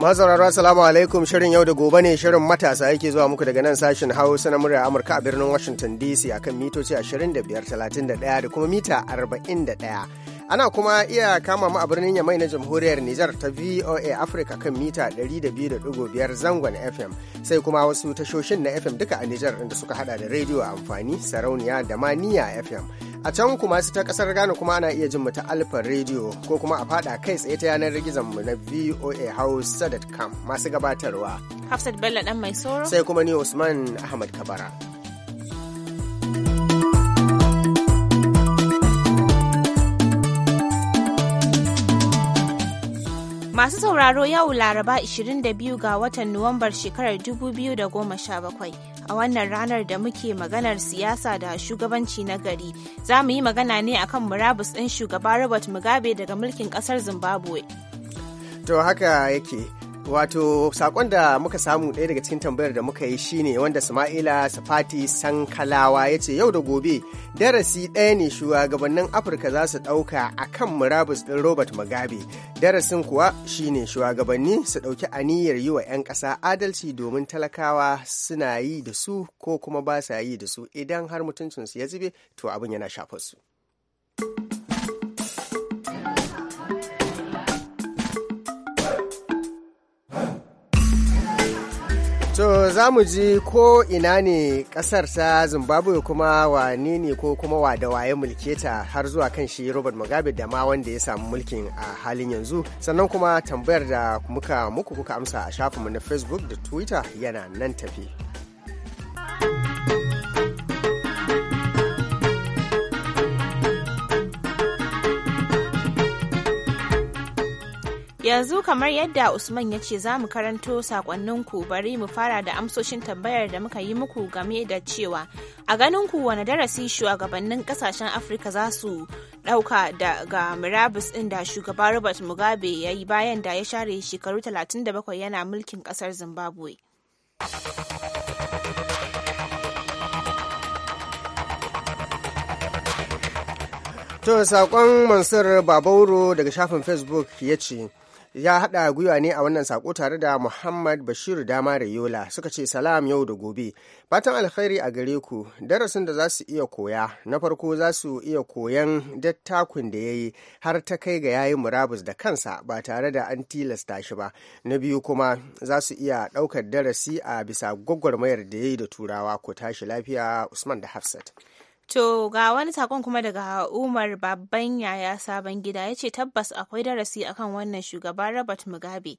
Masauraro salamu alaikum shirin yau da gobe ne shirin matasa yake zuwa muku daga nan sashin Hausa na murya Amurka a birnin Washington DC akan mitoci 25, 31 da kuma mita 41. Ana kuma iya kama mu a birnin Yamai na Jamhuriyar Nijar ta VOA Africa kan mita 200.5 zangon FM sai kuma wasu tashoshin na FM duka a Nijar inda suka hada da rediyo amfani sarauniya da maniya FM. A can kuma su ta kasar Ghana kuma ana iya jin mu ta Alfa rediyo ko kuma a fada kai tsaye ta yanar gizon mu na VOA house.com masu gabatarwa. Hafsat Bello dan mai soro. Sai kuma ni Usman Ahmad Kabara. Masu sauraro yau Laraba 22 ga watan Nuwambar shekarar 2017 a wannan ranar da muke maganar siyasa da shugabanci na gari. Za mu yi magana ne akan murabus ɗin shugaba Robert Mugabe daga mulkin ƙasar Zimbabwe. To haka yake. Wato sakon da muka samu ɗaya daga cikin tambayar da muka yi shine wanda Sama'ila Safati Sankalawa ya ce yau da gobe darasi ɗaya ne shugabannin Afirka za su ɗauka a kan murabus ɗin Robert Mugabe. Darasin kuwa shine shugabanni su ɗauki aniyar yi wa 'yan ƙasa adalci domin talakawa suna yi da su ko kuma ba sa yi da su idan har mutuncinsu ya zube to abin yana shafar su. To za mu ji ko ina ne kasar ta Zimbabwe kuma wa ne ko kuma wa da waye mulke ta har zuwa kan shi Robert Mugabe da ma wanda ya samu mulkin a halin yanzu sannan kuma tambayar da muka muku kuka amsa a shafinmu na Facebook da Twitter yana nan tafi. Yanzu kamar yadda Usman ya ce za mu karanto sakonninku bari mu fara da amsoshin tambayar da muka yi muku game da cewa a ganinku wani darasi shugabannin kasashen Afirka za su ɗauka daga murabus ɗin da shugaba Robert Mugabe ya yi bayan da ya share shekaru 37 yana mulkin ƙasar Zimbabwe. To, saƙon Mansur Babauro daga shafin Facebook ya ce, ya haɗa gwiwa ne a wannan sako tare da Muhammad Bashir Dama Yola suka ce salam yau da gobe. Fatan alkhairi a gare ku, darasin da za su iya koya, na farko za su iya koyan dattakun da ya yi har ta kai ga yayi murabus da kansa ba tare da an tilasta shi ba. Na biyu kuma za su iya ɗaukar darasi a bisa gwagwarmayar da ya yi da turawa ko tashi lafiya Usman da Hafsat. To ga wani sakon kuma daga Umar babban yaya sabon gida ya ce tabbas akwai darasi akan wannan shugaba Robert Mugabe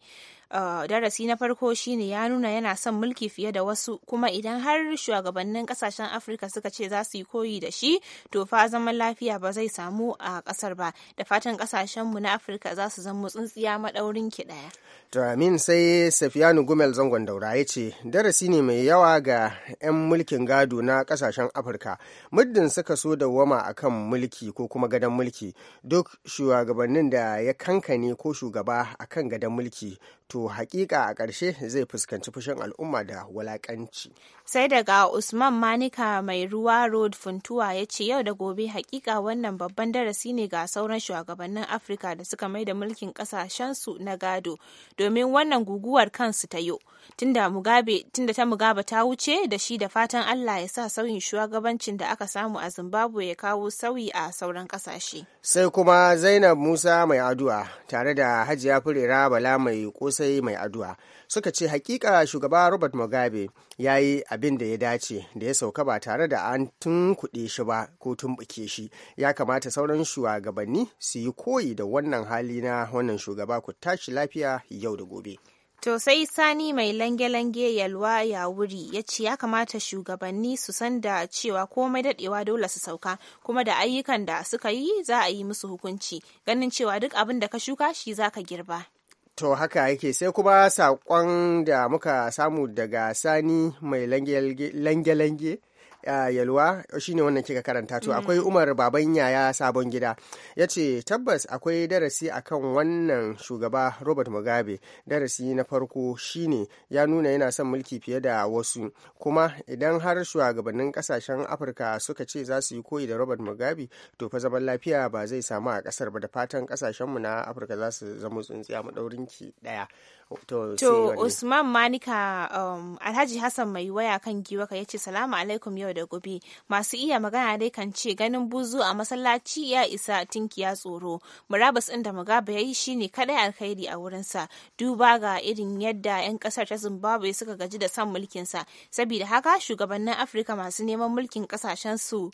Eh, darasi na farko shine ya nuna yana son mulki fiye da wasu kuma idan har shugabannin kasashen afirka suka ce za su yi koyi da shi to fa zaman lafiya ba zai samu a kasar ba da fatan kasashenmu na afirka za su zama tsintsiya maɗaurin ki ɗaya. to amin sai safiyanu gumel zangon daura ya ce darasi ne mai yawa ga 'yan mulkin gado na kasashen afirka muddin suka so da dawwama akan mulki ko kuma gadon mulki duk shugabannin da ya kankane ko shugaba akan gadon mulki to hakika a ƙarshe zai fuskanci fushin al'umma da walakanci. Sai daga Usman Manika mai ruwa Road Funtuwa ya ce yau da gobe hakika wannan babban darasi ne ga sauran shugabannin Afirka da suka mai da mulkin ƙasashensu na gado domin wannan guguwar kansu ta yau. Tunda ta Mugabe ta wuce da shi da fatan Allah ya sa sauyin shugabancin da aka samu a Zimbabwe ya kawo sauyi a sauran ƙasashe. Sai kuma Zainab Musa mai addu'a tare da Hajiya Furera Bala mai kusa sai mai addu'a suka ce hakika shugaba robert mugabe ya yi abin da ya dace da ya sauka ba tare da an kuɗe shi ba ko tun buke shi ya kamata sauran shugabanni su yi koyi da wannan hali na wannan shugaba ku tashi lafiya yau da gobe To sai Sani mai lange-lange yalwa ya wuri ya ce ya kamata shugabanni su san da cewa komai daɗewa dole su sauka kuma da ayyukan da suka yi za a yi musu hukunci ganin cewa duk abin da ka shuka shi za ka girba. To haka yake sai kuma saƙon da muka samu daga sani mai lange-lange yalwa shine wannan kika karanta to akwai mm. umar baban yaya sabon gida ya ce tabbas akwai darasi akan wannan shugaba robert mugabe darasi na farko shine ya nuna yana son mulki fiye da wasu kuma idan har shugabannin kasashen afirka suka ce za su yi koyi da robert mugabe to fa zaman lafiya ba zai samu a kasar ba da fatan kasashenmu na afirka za su zama tsintsiya ki ɗaya. To Usman Manika um, Alhaji Hassan mai waya kan giwaka ya ce salamu alaikum yau da gobe masu iya magana dai kan ce ganin buzu a masallaci ya isa ya tsoro murabus ɗin da Mugabe ya yi shine kadai alkhairi a wurinsa duba ga irin yadda 'yan kasar ta Zimbabwe suka gaji da son mulkinsa Sabida haka shugabannin Afirka masu neman mulkin kasashen su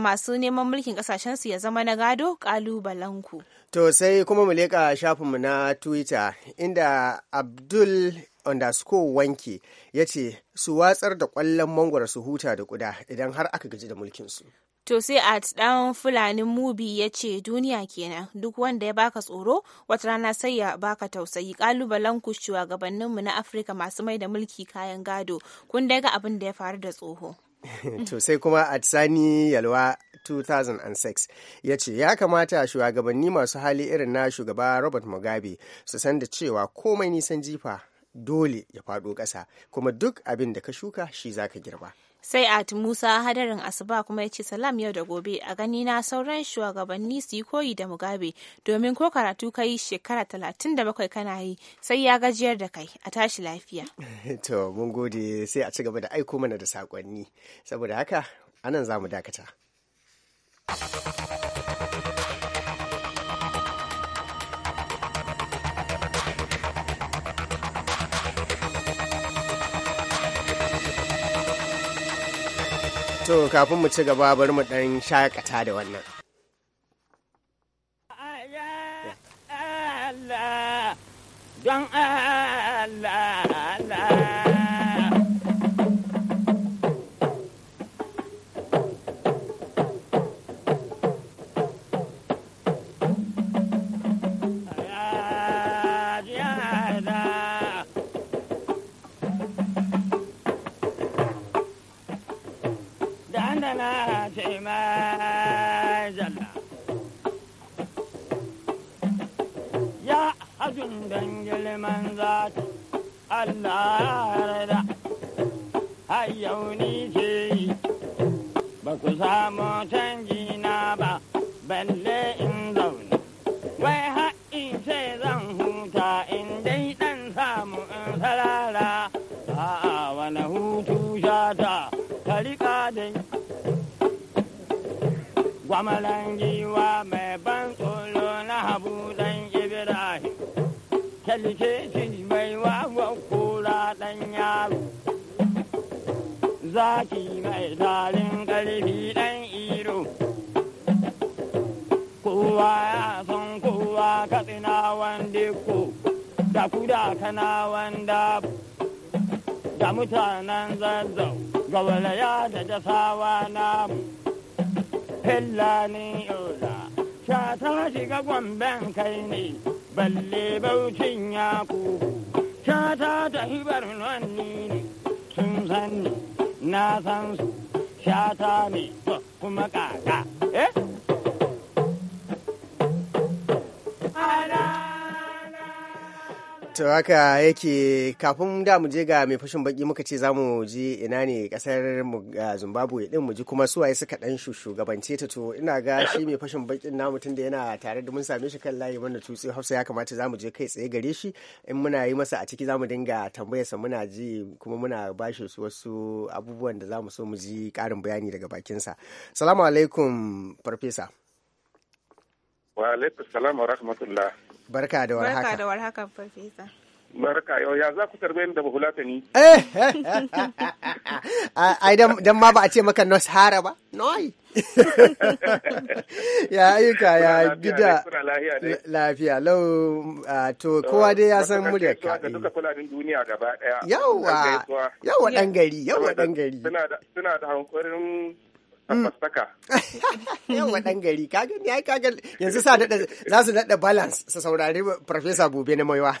masu neman mulkin kasashen ya zama na gado kalubalanku. To sai kuma mu leƙa shafinmu na Twitter Wanda abdul underscore wanke ya ce su watsar da kwallon mangwara su huta da kuda idan har aka gaji da mulkinsu To sai a ɗan fulani Mubi ya ce duniya kenan duk wanda ya baka tsoro wata rana sai ya baka tausayi kalubalen ku shugabanninmu na Afirka masu mai da mulki kayan gado kun daga abin da ya faru da tsoho. to sai kuma a tsani yalwa 2006 ya ce ya kamata shugabanni masu hali irin na shugaba robert mugabe su san da cewa komai nisan jifa dole ya faɗo ƙasa kuma duk abin da ka shuka shi za ka girba sai at musa hadarin asuba kuma ya ce salam yau da gobe a gani na sauran shugabanni su yi koyi da mugabe domin ko karatu ka yi shekara talatin da bakwai kana yi sai ya gajiyar da kai a tashi lafiya to mun gode sai a ci gaba da aiko mana da saƙonni saboda haka anan za mu dakata To kafin mu ci gaba bari mu ɗan shakata da wannan. Allah, don Allah. wanda na ce Ya hajjun don girman zata Allah rada, har yau ni ce yi, ba ku samu canji na ba, balle in zauna wai har in ce zan Amalan giwa mai ban tsoro na habu dan ibrahim kyalkeci mai wawan kura dan yaro zaki mai tarin karfi dan iro kowa ya san kowa katsina wanda ko da kuda kana wanda da mutanen zazzau ga walaya da jasawa namu Hillani ola shata shiga gwamben kai ne, balle baucin ya kuku shata ta hibar barnon ne, sun sanni ni, na san su, shata ne, kuma kaka. to haka yake kafin da mu je ga mai fashin baki muka ce za mu ji ina ne kasar zimbabwe din mu ji kuma suwaye suka dan shugabance ta to ina ga shi mai fashin bakin namu da yana tare da mun same shi kan layi mana tutsi hausa ya kamata za mu je kai tsaye gare shi in muna yi masa a ciki za mu dinga sa muna ji kuma muna bashi su wasu abubuwan da za mu so mu ji karin bayani daga bakinsa Assalamu alaikum farfesa wa alaikum salam wa rahmatullah Barka da warhaka. Barka da warhaka Farfesa. barka yau ya za ku tarbe da bahulata ni Eh. ai dan ma ba a ce maka nos hara ba noi ya ayyuka ya gida lafiya lau to kowa dai ya san murya ka da duka kuladin duniya gaba daya yawa yawa dan gari yawa dan gari suna da hankurin tabbastaka. Mm. Yawa ɗan gari, ka ai yanzu sa daɗa za su daɗa balance su saurari Farfesa Bobe na Maiwa.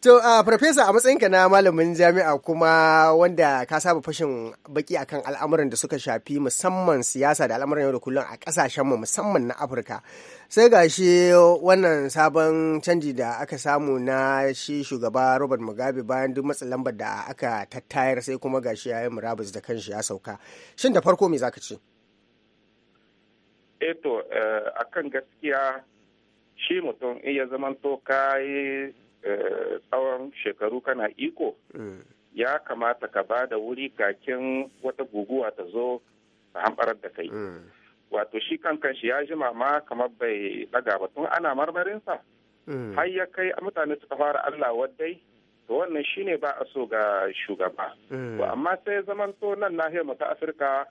To, Farfesa ah, a matsayinka na malamin jami'a kuma wanda ka saba fashin baki akan al'amuran da suka shafi musamman siyasa da al'amuran yau da kullum a mu musamman na Afirka. sai ga shi wannan sabon canji da aka samu na shi shugaba robert mugabe bayan duk matsin lambar da aka tattayar sai kuma ga shi yayin murabus da kanshi ya sauka shin da farko me zaka ce eto eh eh, a kan gaskiya shi mutum iya zaman to ka yi eh, tsawon shekaru kana iko mm. ya kamata ka ba da wuri kakin wata guguwa ta zo a hamɓarar da kai mm. wato shi kankan shi ya jima ma kamar bai daga ba tun ana marmarinsa mm. har ya kai mutane suka fara allah waddai to wannan shine ba a so ga shugaba mm. amma sai to nan nahiyar mu ta afirka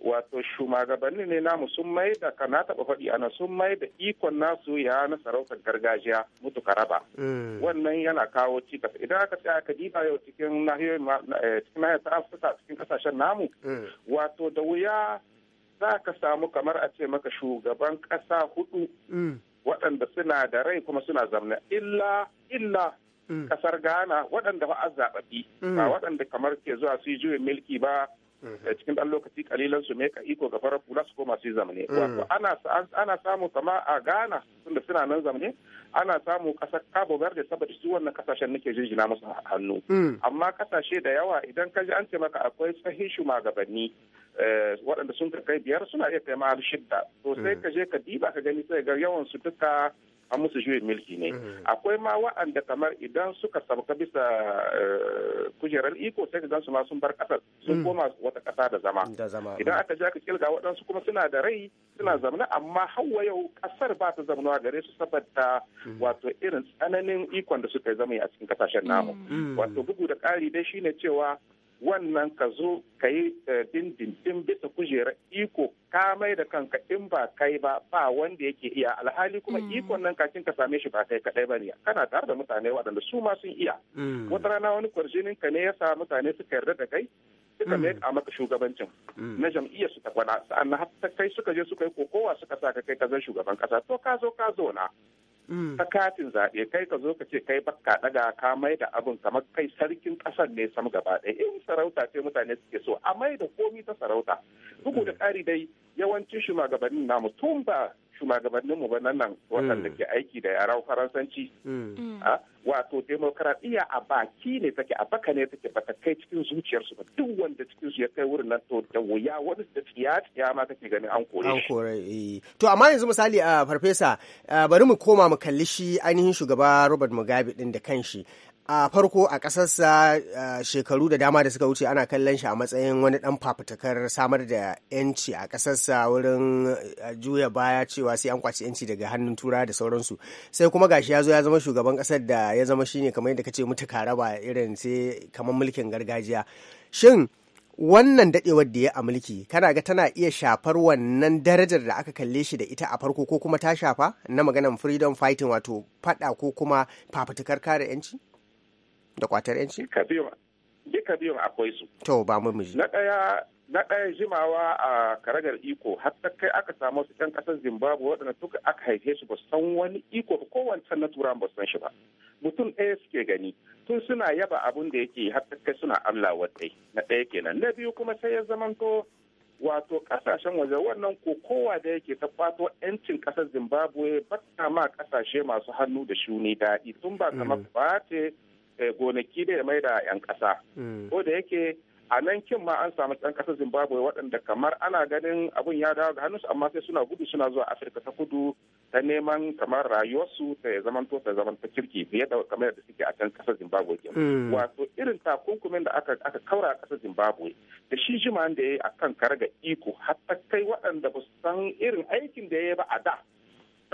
wato shugabanni ne namu sun mai da kana taɓa faɗi ana sun mai da ikon nasu ya na sarautar gargajiya mutu karaba mm. wannan yana kawo cikas idan aka tsaya ka diba yau eh, cikin nahiyar ta afirka cikin kasashen namu wato da wuya za ka samu kamar a ce maka shugaban ƙasa hudu mm. waɗanda suna da rai kuma suna zamna illa illa mm. ƙasar ghana waɗanda ba a zaɓaɓi ba mm. waɗanda kamar ke zuwa su yi juyin milki ba Eh, cikin ɗan lokaci kalilan su ka iko ga farar fulas su koma su yi zamane mm. wato ana samu kama a Ghana tunda suna nan zamane ana samu ƙasar Cabo Verde saboda su wannan kasashen nake jinjina musu hannu mm. amma ƙasashe da yawa idan ka ji an ce maka akwai sahihin shugabanni eh, waɗanda sun kai biyar suna iya kai ma shidda to sai mm. ka je ka diba ka gani sai ga yawan su duka an musu juyin mulki ne mm. akwai ma wa'anda kamar idan suka sabka bisa eh, kujerar iko sai ka su ma sun bar kasar sun mm. koma wata kasa da zama mm. idan aka ji aka kilga waɗansu kuma suna da rai suna zamana amma hawa yau kasar ba ta zamanuwa gare su saboda wato irin tsananin ikon da suka yi zama a cikin kasashen namu wato bugu da ƙari dai shine cewa wannan ka zo ka yi eh, dindindin bisa kujera iko ka mai da kanka in ba kai ba ba wanda yake iya alhali kuma hmm. ikon nan kacin ka same shi ba kai kadai ba ne kana tare da mutane waɗanda su ma sun iya hmm. wata rana wani kwarjinin ka ne ya sa mutane suka yarda da kai suka mai hmm. a maka shugabancin na jam'iyyar su ta kwana sa'an na kai suka je suka yi kokowa suka sa ka kai ka zan shugaban kasa to ka zo ka zo na Mm. ta katin zaɓe kai ka zo ka ce kai baka ɗaga ka mai da abin kamar kai sarkin ƙasar ne sam gaba ɗaya in sarauta ce mutane suke so a mai da komi ta sarauta bugu da mm. ƙari dai yawancin shugabannin namu tun ba shugabanninmu ba nan waɗanda mm. ke aiki da yaran faransanci mm. Mm. Ah, wato demokaradiyya a baki ne take a baka ne take baka kai cikin zuciyarsu ba duk wanda cikin su ya kai wurin nan to da wuya wani da tsiya ya ma kake ganin an kore an kore eh. to amma yanzu misali a ah, farfesa ah, bari mu koma mu kalli shi ainihin shugaba Robert Mugabe din da kanshi a farko a ƙasarsa shekaru da dama da suka wuce ana kallon shi a matsayin wani ɗan fafutukar samar da 'yanci a ƙasarsa wurin juya baya cewa sai an kwaci 'yanci daga hannun tura da sauransu sai kuma gashi ya zo ya zama shugaban ƙasar da ya zama shine kamar yadda kace mutu karaba irin sai kamar mulkin gargajiya shin wannan daɗewar da ya a mulki kana ga tana iya shafar wannan darajar da aka kalle shi da ita a farko ko kuma ta shafa na maganan freedom fighting wato faɗa ko kuma fafutukar kare 'yanci? da kwatar yanci duka biyun akwai su to ba mu miji na ɗaya na ɗaya jimawa a karagar iko har ta kai aka samu su ɗan ƙasar zimbabwe waɗanda suka aka haife su ba san wani iko ba kowancan na turan ba san shi ba mutum ɗaya suke gani tun suna yaba abun da yake har ta kai suna amla wadai na ɗaya kenan na biyu kuma sai ya zamanto wato kasashen waje wannan kowa da yake ta fato ƴancin kasar zimbabwe ba ma kasashe masu hannu da shuni daɗi tun ba kamar mm. ba ce Eh, gonaki da ya maida 'yan kasa. Mm. Ko da yake a nan kin ma an samu ɗan kasa Zimbabwe waɗanda kamar ana ganin abun ya dawo ga hannunsu amma sai suna gudu suna zuwa Afirka ta kudu ta neman kamar rayuwarsu ta zamanto ta zaman ta kirki fiye da kamar da suke a can ƙasar Zimbabwe ke. Mm. Wato irin takunkumin da aka aka kaura a ƙasar Zimbabwe da shi jiman da ya yi a kan karga iko hatta kai waɗanda ba su san irin aikin da ya yi ba a da.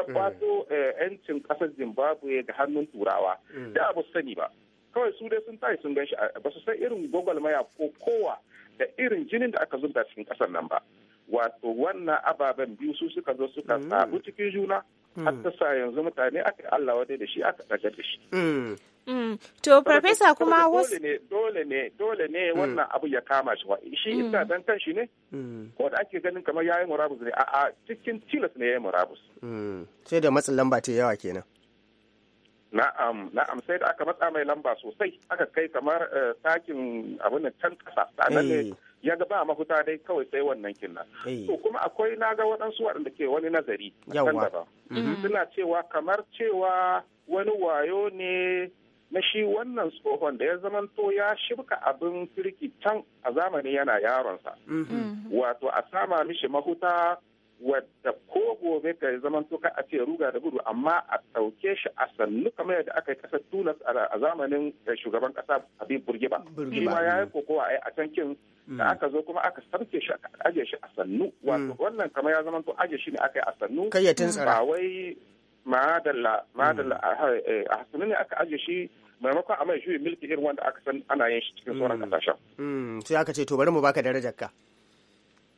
Ta mm. kwato 'yancin eh, ƙasar Zimbabwe ga hannun Turawa da ba sani ba. kawai su dai sun tashi sun ganshi ba su san irin maya ko kowa da irin jinin da aka zubta cikin kasar nan ba wato wannan ababen biyu su suka zo suka mm. sabu cikin juna mm. hatta sa yanzu mutane aka Allah wadai da shi aka daga da shi mm. to professor kuma wasu dole ne dole ne dole ne wannan abu ya kama shi shi inda dan kan shi ne ko da ake ganin kamar yayin murabus ne a cikin tilas ne yayin murabus sai da matsin lamba ta yawa kenan Na'am, na'am sai da aka matsa mai lamba sosai aka kai kamar sakin eh, abin da can kasa sanan ne eh. ya ga ba mafuta dai kawai sai wannan kinna. Eh. To kuma akwai na ga waɗansu waɗanda ke wani nazari kan daban. Mm-hmm. Suna cewa kamar cewa wani wayo ne na shi wannan tsohon da ya zamanto ya shibka abin kirki can a zamani yana yaronsa. Mm-hmm. Mm-hmm. Wato a sama mishi mahuta wadda ko gobe ka zaman to ka a ce ruga da gudu amma a sauke shi a sannu kamar yadda aka yi ƙasar tunas a zamanin eh, shugaban kasa habib burgiba shi ma ya yi mm. kokowa a yi a can da mm. aka zo kuma aka sarke shi aka aje shi a sannu mm. wannan kamar ya zaman to aje shi ne aka yi a sannu ba wai madalla madalla a eh, ne aka aje shi maimakon a mai juyin milki irin wanda aka san ana yin shi cikin sauran kasashen. sai aka ce to bari mu baka darajar ka.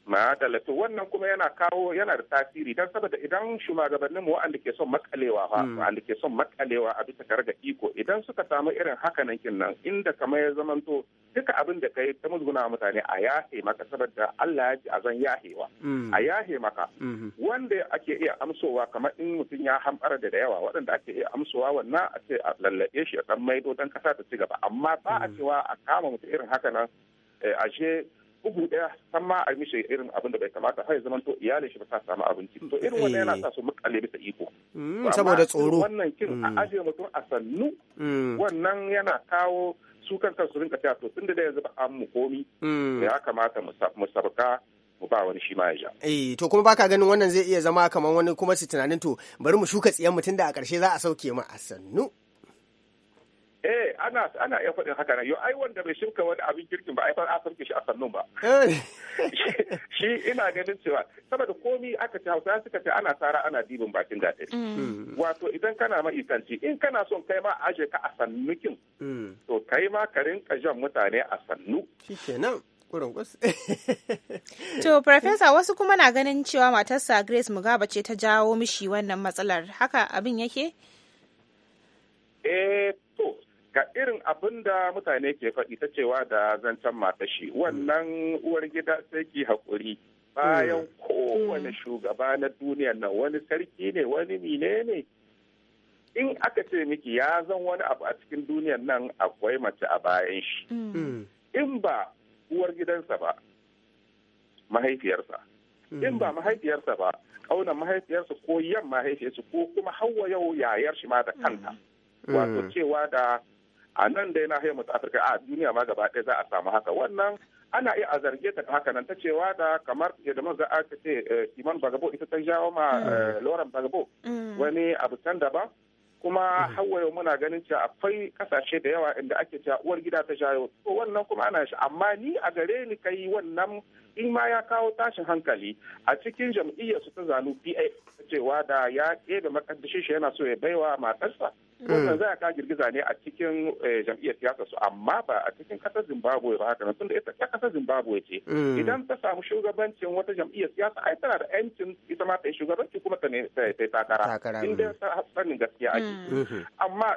Madala wannan kuma yana kawo yana da tasiri don saboda idan shugabannin mu wa'anda ke son makalewa fa hmm. wa'anda ke son makalewa a bisa ga iko idan suka samu irin haka nan kin nan inda kamar ya zamanto duka abin da kai ta musguna mutane a yahe maka saboda Allah ya ji a zan yahewa hmm. a yahe maka hmm. wanda ake iya amsowa kamar in mutum ya hambara da yawa waɗanda ake iya amsowa wannan a ce a lallaɓe shi a ɗan maido dan kasa ta ci gaba amma ba a cewa a kama mutum irin haka nan eh, ashe bugu ɗaya san ma a mishi irin abin da bai kamata har ya zama to iyalin shi ba ta samu abinci to irin wannan yana sa su mukalle bisa iko mm, saboda tsoro wannan kin a mm. ajiye mutum a sannu mm. wannan yana kawo su kanka su rinka cewa to tunda da yanzu ba an mu komi ya kamata mu sabka mu ba wani shi ma ya ja. Eh to kuma baka ganin wannan zai iya zama kamar wani kuma su tunanin to bari mu shuka tsiyan mutum da a ƙarshe za a sauke mu a sannu. Eh, ana ana iya faɗin haka na Yo, ai wanda bai shirka wani abin kirkin ba, ai ba a shi a sannun ba. Eh. Shi ina ganin cewa saboda komi aka ce Hausa suka ce ana tsara ana dibin bakin gaɗe. Mm. Mm. Wato idan kana ma'ikanci in kana son kai ma aje ka a sannukin. Mm. To kai ma ka rinka jan mutane a sannu. Shikenan. to, Farfesa, wasu kuma na ganin cewa matarsa Grace mugaba ce ta jawo mishi wannan matsalar. Haka abin yake? Eh, to, ga irin abin da mutane ke faɗi ta cewa da zancen shi wannan uwar gida sai ki haƙuri bayan mm. kowane shugaba na duniya nan wani sarki ne wani mine ne in aka ce miki ya zan wani abu a cikin duniyan nan akwai mace a bayan shi mm. in ba uwar gidansa ba mahaifiyarsa mm. in ba mahaifiyarsa ba ƙaunar mahaifiyarsa ko yan mahaifiyarsa ko kuma hawa yau yayar shi ma da kanta wato cewa da a nan dai nahiyar mu ta afirka a duniya ma gaba ɗaya za a samu haka wannan ana iya a zarge ta haka nan ta cewa da kamar yadda maza aka ce eh, iman bagabo ita ta jawo ma mm. eh, lauren bagabo mm. wani abu can daban kuma mm. hawaye muna ganin cewa akwai kasashe da yawa inda ake cewa uwar gida ta jayo wannan kuma ana shi amma ni a gare ni kai wannan in ma ya kawo tashin hankali a cikin jam'iyyar su ta zanu pa cewa da ya ke da makaddashin shi yana so ya baiwa matarsa wannan za a ka girgiza ne a cikin eh, jam'iyyar siyasa su amma ba a cikin kasar zimbabwe ba haka tunda ita ta kasar zimbabwe ce mm. idan ta samu shugabancin wata jam'iyyar siyasa ai tana da yancin ita ma ta yi shugabanci kuma ta ne ta takara inda mm. sanin gaskiya ake mm. amma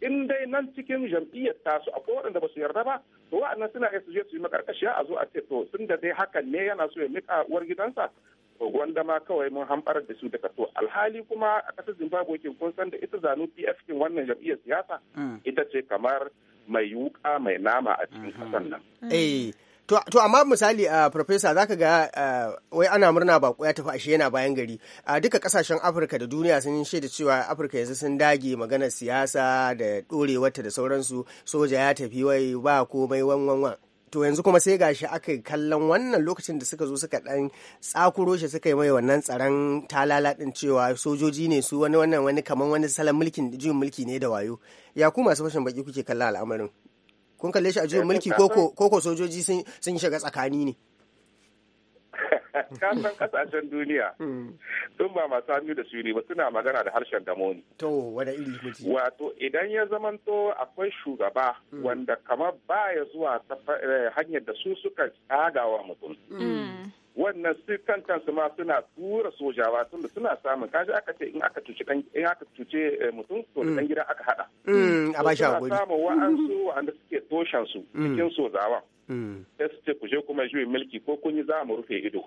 in dai nan cikin jam'iyyar tasu kowane waɗanda ba su yarda ba to wa'annan suna iya su je su yi makarkashiya a zo a ce to tun da dai hakan ne yana so ya mika uwar gidansa to gwanda ma kawai mun hamɓar da su daga to alhali kuma a ƙasar zimbabwe kin kun san da ita zanu pf kin wannan jam'iyyar siyasa mm. ita ce kamar mai yuka mai nama a cikin mm-hmm. ƙasar nan. Eh, to amma misali a uh, professor zaka ga uh, wai ana murna ba ya tafi ashe yana bayan gari a uh, duka kasashen afirka da duniya sun yi shaida cewa afirka yanzu sun dage maganar siyasa da dorewarta da sauransu soja ya tafi wai ba komai wanwan to yanzu kuma sai gashi aka kallon wannan lokacin da suka zo suka dan tsakuro shi suka yi mai wannan tsaron talala din cewa sojoji ne su wani wannan wani kaman wani salon mulkin juyin mulki ne da wayo ya ku masu fashin baki kuke kalla al'amarin kun kalle shi a juyin mulki koko sojoji sun yi shiga tsakani ne kasan kasashen duniya sun ba masu hannu da suri ba suna magana da harshen damoni to iri wato idan ya zamanto akwai shugaba hmm. wanda kamar ba ya zuwa eh, hanyar da su suka tsagawa mutum hmm. wannan su kan kansu ma suna tura sojawa tun da suna samun kaji aka ce in aka tuce in aka tuce eh, mutum to da dan gida aka hada mm, a ba shi hakuri suna samun wa'ansu wa'anda suke toshan su mm. cikin sojawa mm. sai su ce ku je kuma juyin mulki ko kun yi za mu rufe ido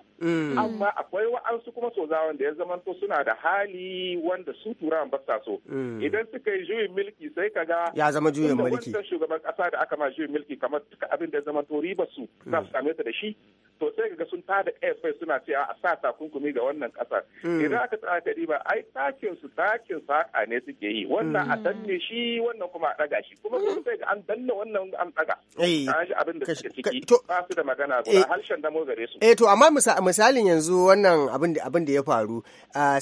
amma akwai wa'ansu kuma sojawan da ya zamanto suna da hali wanda su turawan ba sa so idan suka yi juyin mulki sai ka ga ya zama juyin mulki shugaban kasa da aka ma juyin mulki kamar duka abin da ya zamanto riba su za su same ta da shi to sai ga sun tada airspace suna cewa a sa takunkumi ga wannan kasar mm. idan aka tsaya ta ba ai takin su takin saka ne suke yi wannan a mm. danne shi wannan kuma a daga shi kuma sun mm. sai ga an danne wannan an daga eh. an shi abin da suke ciki ba su da magana guda eh. harshen damo gare su eh to amma misalin yanzu wannan abin da abin da ya faru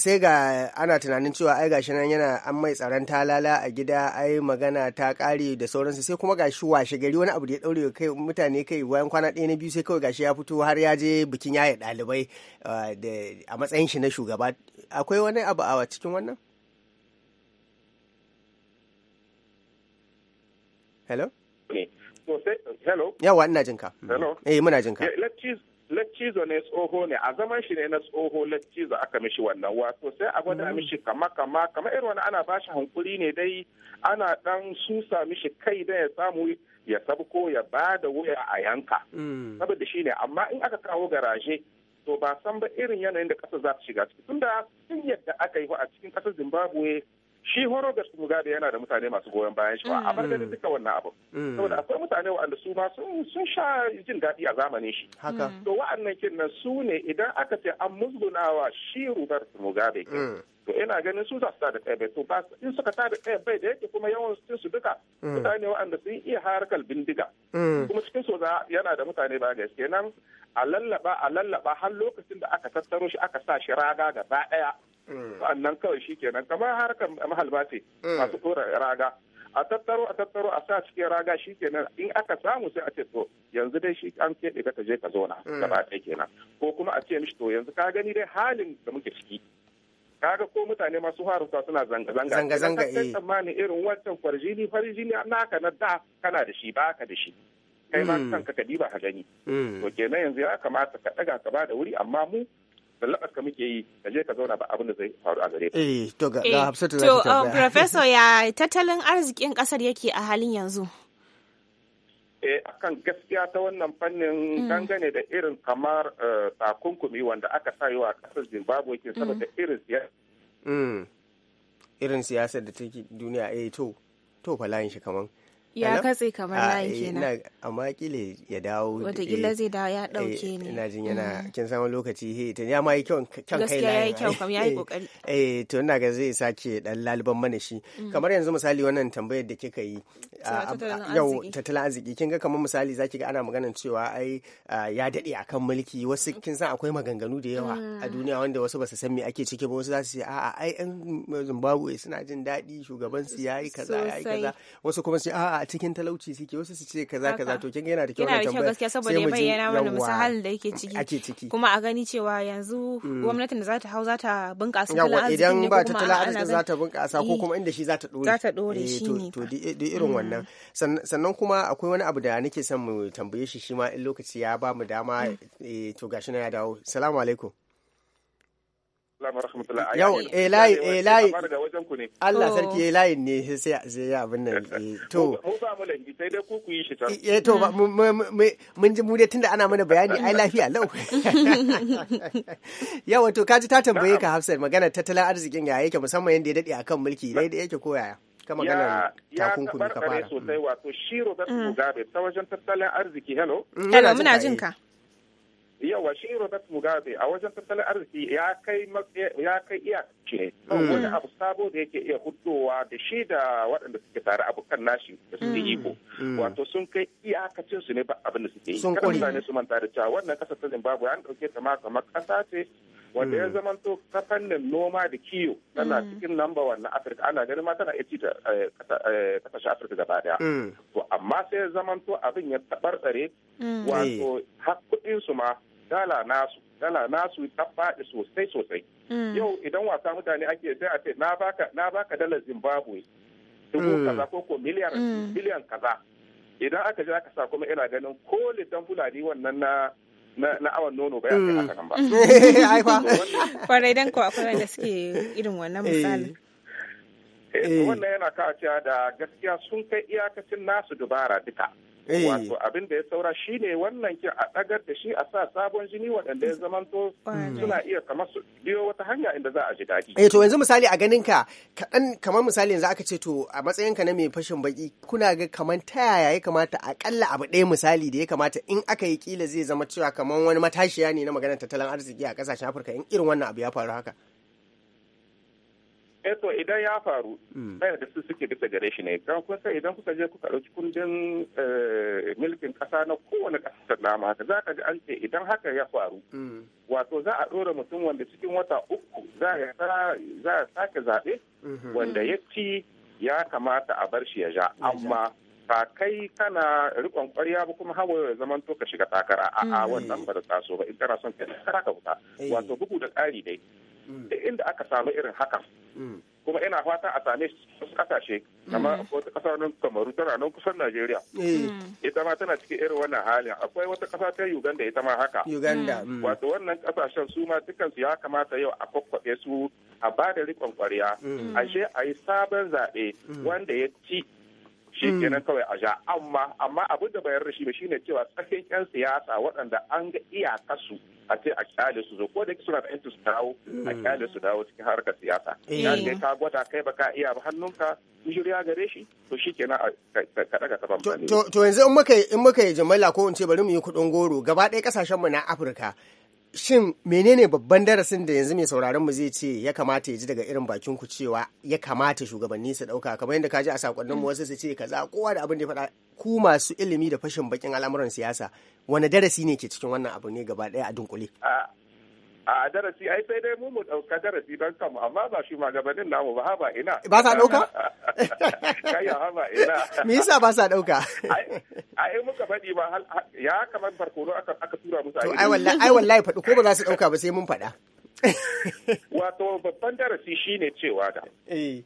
sai ga ana tunanin cewa ai gashi nan yana an mai tsaron talala a gida ai magana ta kare da sauransu sai kuma gashi washe gari wani abu da ya daure kai mutane kai bayan kwana ɗaya na biyu sai kawai gashi ya fito har ya je bikin yaye ɗalibai uh, a matsayin shi na shugaba akwai wani abu a cikin wannan hello hello yawa ina jinka eh muna jinka Laccizo ne tsoho ne a zaman shi ne na tsoho Laccizo aka mishi wannan wato sai a gwada mm. mishi kama kama kama irin wani ana bashi hankuri ne dai ana dan susa mishi kai da ya samu ya sabko ya ba da wuya a yanka mm. saboda shi ne amma in aka kawo garaje to ba san ba irin yanayin da ƙasa za ta shiga ciki tunda sun yadda aka yi a cikin ƙasar zimbabwe shi horo Robert Mugabe yana da mutane masu goyon bayan shi a bar mm. duka wannan abu mm. saboda akwai mutane waɗanda su ma sun sha jin daɗi a zamanin shi to wa'annan kin nan su ne idan aka ce an musgunawa shi Robert Mugabe to ina ganin su za su tada ɗaya bai to ba in suka tada ɗaya bai da yake kuma yawan cikin su duka mm. mutane waɗanda sun iya harkar bindiga mm. kuma cikin su yana da mutane ba ga nan a lallaba a lallaba har lokacin da aka tattaro shi aka sa shi raga gaba ɗaya wa'annan mm. kawai shi kenan kamar harkar mahalba ce masu ɗora raga a tattaro a tattaro a sa cikin raga shi kenan in aka samu sai a ce to yanzu dai shi an keɓe ka je ka zauna gaba ɗaya kenan ko kuma a ce mishi to yanzu ka gani dai halin da muke ciki kaga ko mutane masu haruka suna zanga-zanga zanga-zanga eh tsammani irin wancan farjini farjini naka na da kana da shi ba ka da shi kai ma hmm. kanka ka kadi ba ka gani hmm. to kenan yanzu ya kamata ka daga ka ba da wuri amma mu zallabar ka muke yi ka je ka zauna ba abin da zai faru a gare ka. Eh, to ga eh, Hafsatu za ta oh, To, Professor ya tattalin arzikin kasar yake a halin yanzu? Eh, akan gaskiya ta wannan fannin mm. dangane da irin kamar eh, takunkumi wanda aka sa wa kasar zimbabwe ke saboda mm. irin siyasa mm. irin siyasar da take duniya a eh, to to fa shi kaman ya katse kamar ah, layin eh, kenan a makile ya dawo Wataƙila eh, zai dawo ya eh, ɗauke ne ina jin yana mm. kin samu lokaci he ta ya ma yi kyau kan kai ya yi kyau kam ya yi kokari eh to ina ga zai sake dan laliban mana shi mm. kamar yanzu misali wannan tambayar da kika yi ah, ah, yau tattalin arziki kin ga kamar misali zaki ga ana maganar cewa ai ya dade akan mulki wasu kin san akwai maganganu da yawa a mm. duniya wanda wasu ba su san me ake ciki ba wasu za su ce a'a ai yan Zimbabwe suna jin daɗi shugaban su yayi kaza yayi kaza wasu kuma su a'a a cikin talauci suke wasu su ce kaza kaza to kin yana da kyau na tambaya gaskiya saboda ya bayyana mana misahal da yake ciki ake ciki kuma a gani cewa yanzu mm. gwamnatin da za ta hau za ta bunƙasa tattalin arziki idan ba tala arziki za ta bunƙasa ko kuma inda shi za ta dore za ta dore eh, shi ne to da irin mm. wannan sannan kuma akwai wani abu da nake son mu tambaye shi shi ma in lokaci ya ba mu dama mm. eh, to gashi na ya dawo assalamu alaikum elayi eh, elayi eh, Allah sarki elayi eh, ne sai ya abin nan to mu eh to mun ji mu dai tunda ana mana bayani ai lafiya lau yawa to kaji ta tambaye ka hafsar magana tattalin arzikin ya yake musamman yadda ya dade kan mulki dai da yake koya ya. ka magana takunkumi ka fara Ya kare sosai wato shiro shi su mm. gabe, ta wajen tattalin arziki hello mm, hello muna jin ka wa shi Robert Mugabe a wajen tattalin arziki ya kai ya kai eh. wani mm. abu sabo da yake iya hudowa da shi da waɗanda suke tare abokan nashi da su yi mm. ko mm. wato sun kai iyakacin su ne ba abin da suke yi kada ne su manta da cewa wannan kasa ta Zimbabwe an ɗauke ta ma kamar kasa ce wanda ya zama to ta fannin noma da kiwo tana cikin lamba na afirka ana ganin ma tana ita da eh, eh, afirka gaba daya to amma sai ya zama to abin ya tsare wato har kuɗin su ma dala nasu dala nasu ta faɗi sosai sosai mm. yau idan wasa mutane ake sai a ce na baka na baka zimbabwe dubu mm. kaza ko ko miliyar mm. miliyan kaza idan aka je aka sa kuma ina ganin ko litan fulani wannan na na awon nono ba ya kai haka ba. Ai dan ko akwai da suke irin wannan eh. misali. Eh, eh. Wannan yana kawo cewa da gaskiya sun kai iyakacin nasu dubara duka. Eh. wato abin da ya saura shine wannan kin a ɗagar da shi a sa sabon jini waɗanda ya zamanto suna iya kamar su biyo wata hanya inda za a ji daɗi eh to yanzu misali a ganin ka kaɗan kamar misali yanzu aka ce to a matsayin ka na mai fashin baki kuna ga kamar ta yaya ya kamata aƙalla abu ɗaya misali da ya kamata in aka yi ƙila zai zama cewa kamar wani matashiya ne na maganar tattalin arziki a ƙasashen Afirka in irin wannan abu ya faru haka eto eh, idan ya faru ɗaya hmm. da su suke bisa gare shi ne kan kusa idan kuka je kuka ɗauki kundin eh, milkin ƙasa na kowane ƙasa na mata za ka ji an ce idan haka ya faru hmm. wato za a ɗora mutum wanda cikin wata uku za a sake zaɓe mhm. wanda ya ci ya kamata a bar shi ya ja amma ka kai kana rikon kwarya ba kuma hawa ya zaman to ka shiga takara a hmm. wannan ba da taso ba in kana son ka ka eh. wato bugu da ƙari dai Mm. duk inda aka samu irin haka mm. kuma ina fata a same wasu kasashe mm. amma wata kasar nan kamaru tana nan kusan najeriya eh. ita ma tana cikin irin wannan halin akwai wata kasa ta uganda ita ma haka uganda wato wannan kasashen su ma dukkan su ya kamata yau a kwakwabe su a ba da riƙon kwariya. ashe a yi sabon zaɓe wanda ya ci shi hmm. kenan kawai a ja amma amma abin da bayar rashi shi shine cewa tsakin yan siyasa waɗanda an ga iyakarsu a ce a kyale su zo ko da suna da su dawo hmm. a kyale su dawo cikin harkar siyasa yan eh. ne ka gwada kai baka iya ba hannunka juriya gare shi to shi kenan ka daga kafan to yanzu in muka in muka yi jimala ko in ce bari mu yi kuɗin goro gaba ɗaya kasashen mu na Afirka shin menene babban darasin da yanzu mai sauraron mu zai ce ya kamata ya ji daga irin bakin ku cewa ya kamata shugabanni su dauka kamar yadda kaji a sakonnin mu wasu su ce kaza kowa da abin da ya faɗa ku masu ilimi da fashin bakin al'amuran siyasa wani darasi ne ke cikin wannan abu ne gaba ɗaya a dunkule a darasi ai sai dai mu mu dauka darasi don kanmu amma ba shi magabanin namu ba haba ina ba sa dauka kaya haba ina me yasa ba sa dauka ai muka faɗi ba ya kamar ne aka aka tura musu ai wallahi ai wallahi fadi ko ba za su dauka ba sai mun faɗa wato babban darasi shine cewa da eh.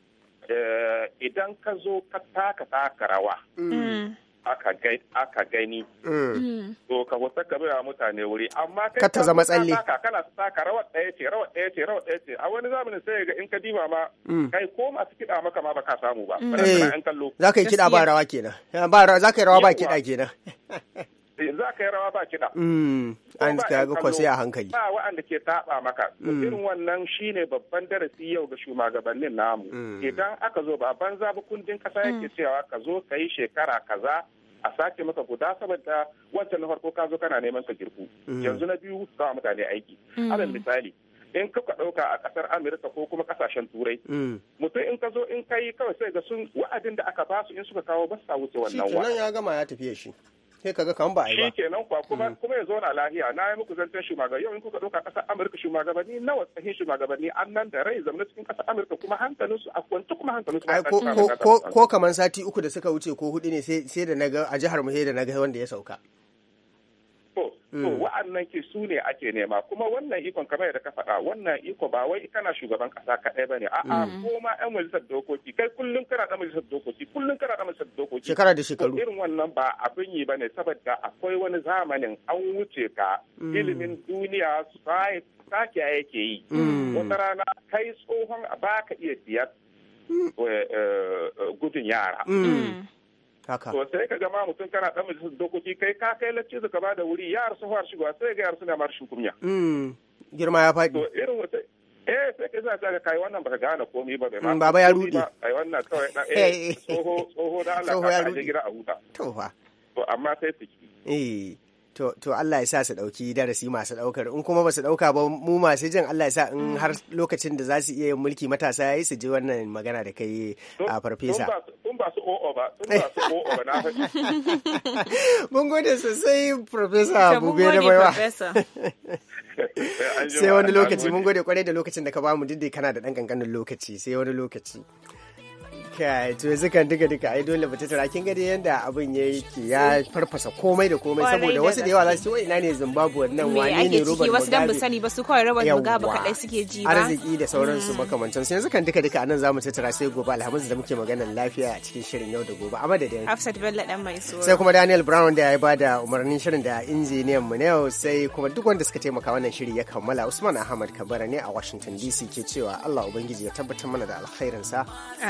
Eh, idan ka zo ka taka taka rawa mm. Mm. aka gani mm. Mm. to ka wasa ka wa mutane wuri amma ka ta zama tsalle kana saka rawa ɗaya ce rawa ɗaya ce rawa ɗaya ce a wani zamanin sai ga in ka diba ma mm. kai ko masu kiɗa maka ma ba ka samu ba eh, za ka yi kiɗa ba rawa kenan za ka yi rawa ba kiɗa kenan za ka yi rawa ba kiɗa an ta ga kwasi a hankali ba wa'anda ke taɓa maka mm. irin wannan shine babban darasi yau ga shugabannin namu mm. idan aka zo ba banza ba kundin kasa mm. yake cewa ka zo ka yi shekara kaza a sake maka guda saboda wancan na farko ka zo kana neman ka girku yanzu na biyu ka mutane aiki alal misali in ka ɗauka a ƙasar amurka ko kuma ƙasashen turai mutum in ka zo in kai kawai sai ga sun wa'adin da aka basu in suka kawo ba sa wuce wannan wa ya gama ya tafiya shi sai kaga kan ba a yi ba shikenan kwa kuma mm. kuma ya zauna lahiya na yi muku zancen shugabanni yau in kuka ɗauka ƙasar Amurka shugabanni nawa tsahin shugabanni an nan da rai zamanin cikin ƙasar Amurka kuma hankalin su a kwanta kuma hankalin su ko ko ko kaman sati uku da suka wuce ko hudu ne sai sai da naga a jihar mu sai da naga wanda ya sauka to mm. wa'annan ke su ne ake nema kuma wannan ikon kamar yadda ka faɗa wannan iko ba wai kana shugaban ƙasa kaɗai ba ne a'a mm. ko ma 'yan majalisar dokoki kai kullum kana ɗan majalisar dokoki kullum kana shekara da shekaru irin wannan ba abin yi ba ne saboda akwai wani zamanin an wuce ka mm. ilimin duniya su sake yake yi mm. wata rana kai tsohon ba ka iya siyar mm. eh, eh, gudun yara haka to sai ka gama mutum kana dan majalisar dokoki kai ka kai lacci ka ba da wuri yara su fara shigowa sai ga yara suna mara shukunya girma ya faɗi eh ka kai mm, baba ya rudi eh, a huta to amma sai fiki eh to Allah ya sa su ɗauki darasi masu ɗaukar in kuma ba su ɗauka ba mu masu jin Allah ya sa in har lokacin da za su iya yin mulki matasa ya yi su ji wannan magana da kai a farfesa tun ba su o'o ba tun ba su o'o ba na mun gode sosai farfesa bube da baiwa sai wani lokaci mun gode kwarai da lokacin da ka bamu duk da kana da dan kankanin lokaci sai wani lokaci Kai, to yanzu kan duka duka ai dole ba ta tara kin gani yanda abin ya yake ya farfasa komai da komai saboda wasu da yawa za su ce ina ne Zimbabwe nan wani ne Robert Wasu dan ba sani ba su kawai Robert Mugabe kadai suke ji ba. Arziki da sauransu mm. makamantan su yanzu kan duka duka anan zamu tattara sai gobe Alhamis da muke maganar lafiya a cikin shirin yau da gobe da madadin. afsat bella dan mai so. Sai kuma Daniel Brown da ya bada umarnin shirin da injiniyan mu na yau sai kuma duk wanda suka taimaka wannan shiri ya kammala Usman Ahmad Kabara ne a Washington DC ke cewa Allah Ubangiji ya tabbatar mana da alkhairinsa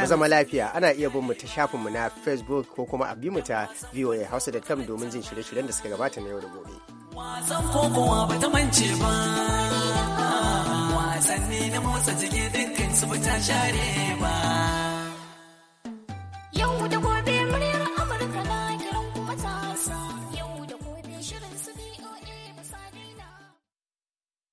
mu zama lafiya. lafiya ana iya bin mu ta shafin mu na facebook ko kuma a bi mu ta voahausa.com domin jin shirye-shiryen da suka gabata na yau da gobe wasan kokowa ba ta mance ba wasanni na motsa jiki dukkan su ba ta share ba yau da gobe muryar